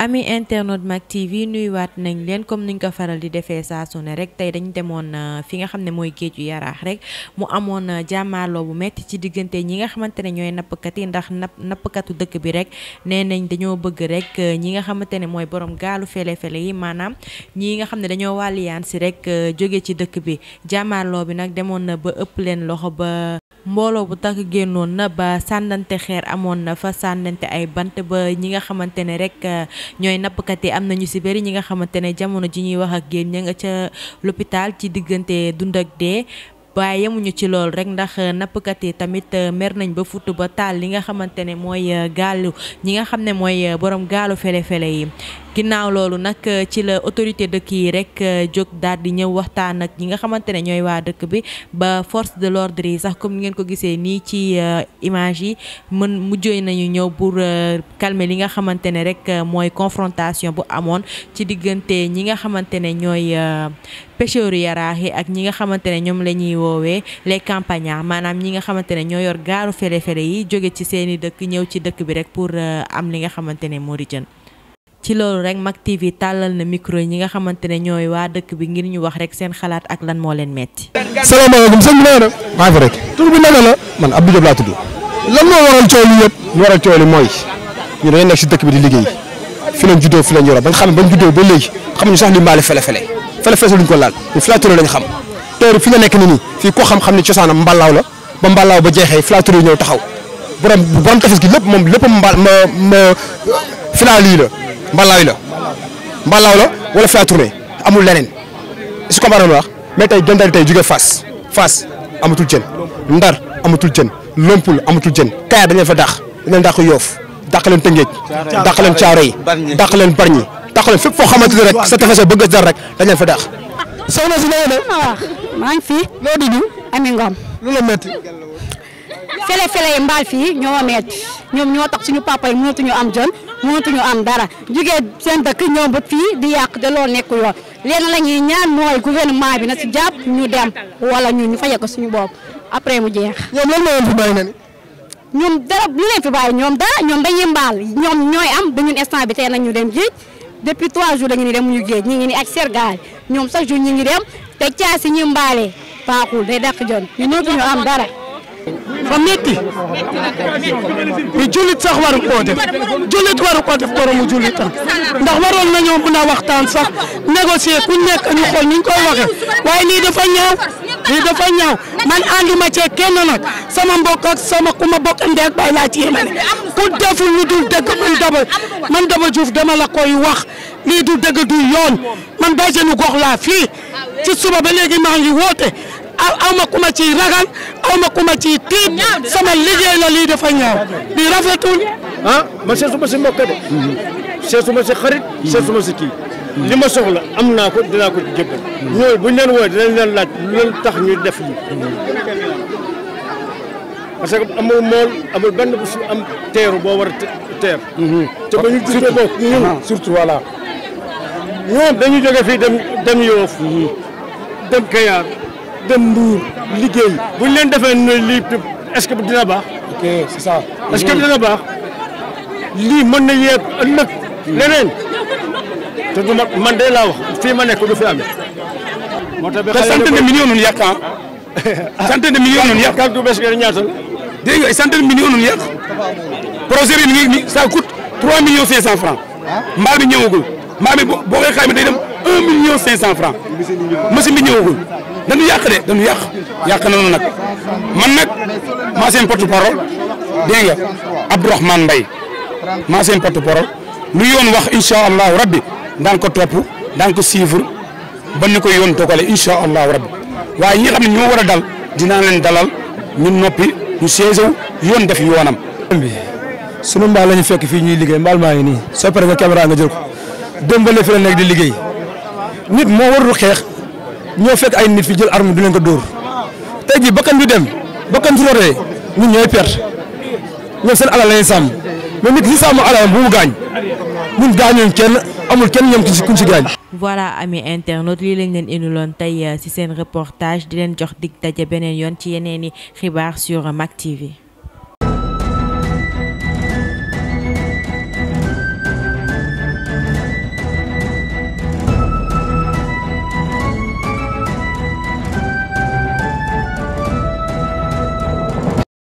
ami internet Mak TV nuyuwaat nañ leen comme niñ ko faral di defee saa ne rek tey dañ demoon euh, fi nga xam ne mooy géeju yaraax rek mu amoon euh, jàmmaarloo bu metti ci diggante ñi nga xamante ne ñooy nappkat yi ndax napp nappkatu dëkk bi rek nee nañ dañoo bëgg rek euh, ñi nga xamante ne mooy borom gaalu fele-fele yi maanaam ñi nga xam ne dañoo wàlliyaan si rek jóge ci dëkk bi jàmmaarloo bi nag demoon na ba ëpp leen loxo ba mbooloo bu takk génnoon na ba sànnante xeer amoon na fa sànnante ay bant ba ñi nga xamante ne rek euh, ñooy nappkat yi am nañu si bëri ñi nga xamante ne jamono ji ñuy wax ak génn ña nga ca l'hôpital ci diggante dund ak dee waaye yemuñu ci lool rek ndax nappkat yi tamit euh, mer nañ ba futt ba taal li nga xamante ne mooy euh, gaalu ñi nga xam ne mooy borom gaalu fele-fele yi ginnaaw loolu nag eh, ci la autorité dëkk yi rek eh, jóg daal di ñëw waxtaan nag ñi nga xamante ne ñooy waa dëkk bi ba force de l'ordre yi sax comme ni ngeen ko gisee nii ci eh, image yi mën mujjee nañu ñëw pour calmer li nga xamante ne rek mooy confrontation bu amoon ci diggante ñi nga xamante ne ñooy pêcheurs yaraax yi ak ñi nga xamante ne ñoom la ñuy woowee les campagnards maanaam ñi nga xamante ne ñoo yor gaaru fere fere yi jóge ci seeni dëkk ñëw ci dëkk bi rek pour am li nga xamante ne moo di jën ci loolu rek Mak yi tàllal na micro yi ñi nga xamante ne ñooy waa dëkk bi ngir ñu wax rek seen xalaat ak lan moo leen metti salaamaaleykum sëñ bi nee na maa fi rek tur bi nana la man lan moo waral coow li yëpp ñu waral nekk si dëkk bi di liggéey fi lañ juddoo fi lañ ba nga xam bañ juddoo ba léegi xamuñu sax li mbaale fele-fele fele-fele luñ ko laal ñu filature lañ xam teer fi nga nekk ni nii fii koo xam-xam ne cosaanam mballaaw la ba mballaaw ba jeexee taxaw borom borom moom lépp mbal ma ma filaa lii mbalaaw la mbalaaw la wala fi a tourné amul leneen est ce que comprendre wax mais tey dendal tey jóge Fass Fass amatul jën Ndar amatul jën Lompul amatul jën Kayar dañ leen fa dàq dañ leen Yoof dàq leen Tëngéej dàq leen Caaro yi dàq leen Barñi dàq leen fépp foo xamante ne rek sa tefes bëgg dara rek dañ leen fa dàq soxna si nee na maa ngi fi loo dudu Ami Ngom lu la métti fele fele yi mbaal fii ñoo metti ñoom ñoo tax suñu papa yi mënatuñu am jën mënatuñu am dara jugee seen dëkk ñëw ba fii di yàq de loolu nekku yoon leen la ñuy ñaan mooy gouvernement bi na si jàpp ñu dem wala ñu ñu faje ko suñu bopp après mu jeex. ñoom lan na ni. ñoom dara lu leen fi bàyyi ñoom dara ñoom dañuy mbaal ñoom ñooy am ba ñun instant bi te nañ ñu dem géej depuis trois jours dañu ni dem ñu géej ñu ngi ni ak sergaay ñoom chaque jour ñu ngi dem te caa si ñu mbaalee baaxul day dàq jon ñu mënatuñu am dara. fa metti bi jullit sax waru koo def jullit waru koo def moromu jullitam ndax waroon nañoo mën a waxtaan sax négocier ku nekk ñu xool ni ñu koy waaye nii lii dafa ñaaw lii dafa ñaaw man ma ci kenn nag sama mbokk sama ku ma bokk ndeeg bay laa ci yemale ku deful lu dul dëgg man Daba man dama la koy wax lii du dëgg du yoon man bàjjenu gox laa fii ci suba ba léegi maa ngi woote aw ma ku ma ragal awma ku ma ci tiit sama liggéey la lii dafa ñaaw di rafetul ah seesu ma si mbokk de seesu ma si xarit seesu ma si kii li ma soxla am naa ko dinaa ko jébbal ñooñu buñ leen wooye dinañ laaj lu leen tax ñu def lii parce que amul mool amul benn bu su am teeru boo war a te ba ñu juddoo bokk ñun surtout voilà ñoom dañu jóge fii dem dem Yoof mhm. Kayaar dem Mbuur liggéey. bu ñu leen defee ne lii est-ce que dina baax. ok c'est que dina baax lii man na yee ëllëg leneen te du ma man de laa wax fii ma nekk du fi amee. moo tax ba xale ah. centaine de millions ñu yàq ah. centaine de millions ñu yàq kàgg du bees ngeen ñaata la. dégg nga centaine de millions ñu yàq projet bi mi ngi ça coûte 3 millions 500 francs ah. mbaa mi ñëwagul boo koy xayma day dem 1 million 500 francs machine bi ñëwagul. dañu yàq de dañu yàq yàq nañu nag man nag maa seen porte parole dégg nga Abdourahmane Mbaye maa seen porte parole lu yoon wax incha allahu rabbi daan ko topp daan ko suivre ba ko yoon toogale incha allahu rabbi waaye ñi xam ñoo war a dal dinaa leen dalal ñu noppi ñu séesew yoon def yoonam. bi sunu mbaal la ñu fekk fii ñuy liggéey mbaal maa ngi nii soo paree nga caméra nga jël ko démb fi la nekk di liggéey nit moo warul xeex. ñoo fekk ay nit fi jël arme du leen ko dóor tey jii bakkan bi dem bakkan su rotee ñun ñooy perte ñoom seen alal lañuy sàmm mais nit li sàmm alalam bu mu gaañ ñun gaañuñ kenn amul kenn ñoom kuñ si gaañ. voilà amis internautes lii lañ leen indiloon tey ci euh, seen reportage di leen jox dig daje beneen yoon ci yeneen i xibaar sur Mak TV.